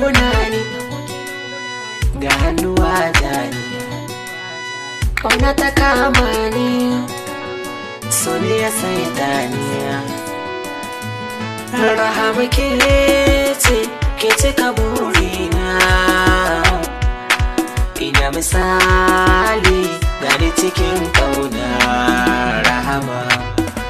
nuna ni ga hannuwa ta ni ƙauna ta kama ya saita ni rahama ke ce ke cika burina ina misali gani cikin ƙauna